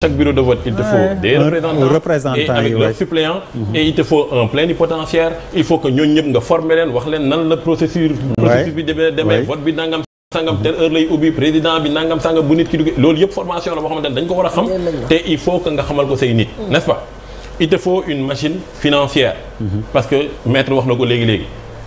chaque bureau de vote, il te faut des représentants, représentant, et avec ouais. leurs et il te faut un plénipotentiaire, il faut que ñooñu ñëpp nga former leen wax leen nan la processus processus bi demee demee vote bi nangam sangam tel heure lay ubbi président bi nangam sangam bu nit ki duggee loolu yëpp formation la boo xamante ne dañ ko war a xam te il faut que nga xamal ko say nit n'est-ce pas il te faut une machine financière mm-hmm. parce que maître wax na ko léegi-léegi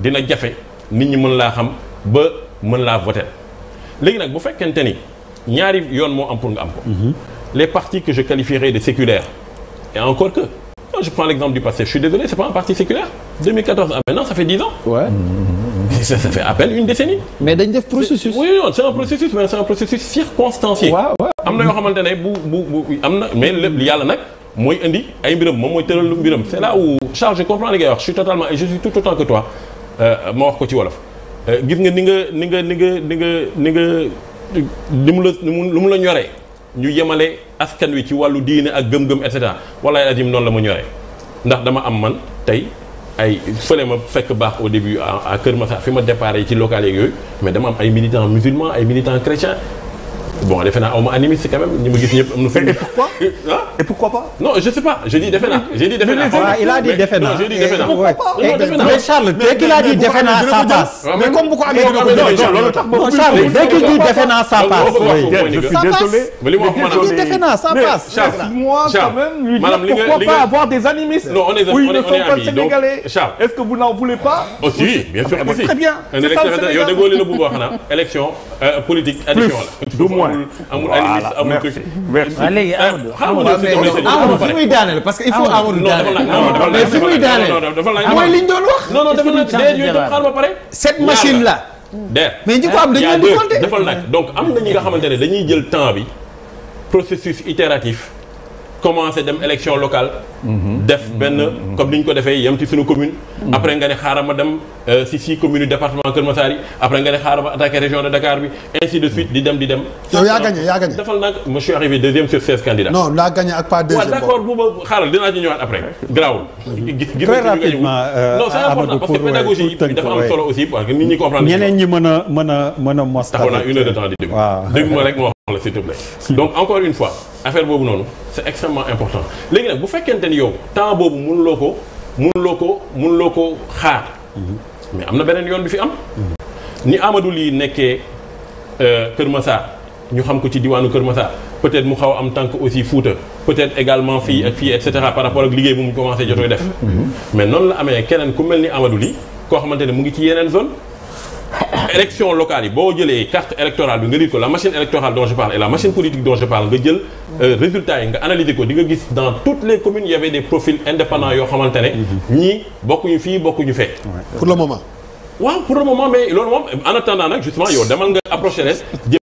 dina nit ñi xam ba voter bu ni ñaari yoon mhm. les partis que je qualifierais de séculaires et encore que. je prends l'exemple du passé je suis désolé c'est pas un parti séculaire 2014 ah, maintenant ça fait 10 ans. Ouais. Ça, fait à peine une décennie. mais a def processus. oui c'est un processus mais c'est un processus circonstancié. Oui, oui. mais le yàlla un indi ay mbiram c'est là où Charles je comprends les gars je suis totalement et je suis tout autant que toi. Euh, ma wax ko ci wolof euh, gis nga ni nga ni nga ni nga ni nga ni nga ni mu la lu mu la ñore ñu yemale askan wi ci wàllu diine ak gëm-gëm et cetera walaay adim noonu la ma ñoree ndax dama am man tey ay fële ma fekk baax au début à Kër Massar fi ma déparé ci local yooyu mais dama am ay militants musulmans ay militants chrétiens bon les naa on ma c'est quand même ñi et pourquoi. Hein? et pourquoi pas. non je sais pas J'ai dit Défena. J'ai je dis il a dit Défena. J'ai je dis Pourquoi pas mais Charles dès qu'il a dit Défena, ça passe. mais comme beaucoup ko amee non Charles dès qu'il dit Défena, ça passe. je suis désolé. mais moi, mais ça passe. moi quand même pourquoi pas avoir des animistes. non on est on est amis donc Charles. est-ce que vous n'en voulez pas. aussi oh, bien sûr eh ben, très bien. Un ça a élection politique addition point voilà merci merci. waaw léegi Amadou muy daaneel parce que il faut Amadou daaneel. mais fi muy daaneel mooy li doon wax. non non dafa nag dee ñuy xaar ba pare. ñi nag donc am na ñi nga xamante ne dañuy jël temps bi processus itératif. commencé dem élection locale. Mhm. def ben comme ni ñu ko un petit ci nos commune. Mhm. après nga a xaaral ma dem euh, si si commune département Kër après nga a xaaral ma région de Dakar bi ainsi de suite di didem. di dem. yow yaa gagné gagné defal je suis arrivé deuxième sur 16 candidats. non laa gagné ak pas deuxième. D'accord, vous, accord bu ma xaaral ñëwaat après. Grau. très rapidement euh, non c'est important parce que pédagogie yi dafa am solo aussi parce que nit ñi comprendre. ñeneen ñi mën a mën a mën a une heure de temps di déglu. waaw dégg ma rek s'il te plaît donc encore une fois affaire Bob non, c'est extrêmement important les gars vous faites qu'un yow temps boobu mon ko mon ko mon ko xaar mais on na beneen yoon bi fi am ni Amadou Ly nekkee euh, Kër Massar ñu xam ko ci diwanu Kër ça peut-être mu xaw tant am tànk aussi foot, peut-être également fille, ak fii et cetera par rapport ak liggéey bu mu commencé jottoy def mhm. mais non la amé keneen ku melni Amadou li ko mu ngi ci zone élections locales. et boo les carte électorale la machine électorale dont je parle et la machine politique dont je parle nga dieu résultat une dans toutes les communes il y avait des profils indépendants yoo ni beaucoup mhm. ñii fille, beaucoup bokkuñu fait. pour le moment ouais pour le moment mais en attendant justement il demal nga approché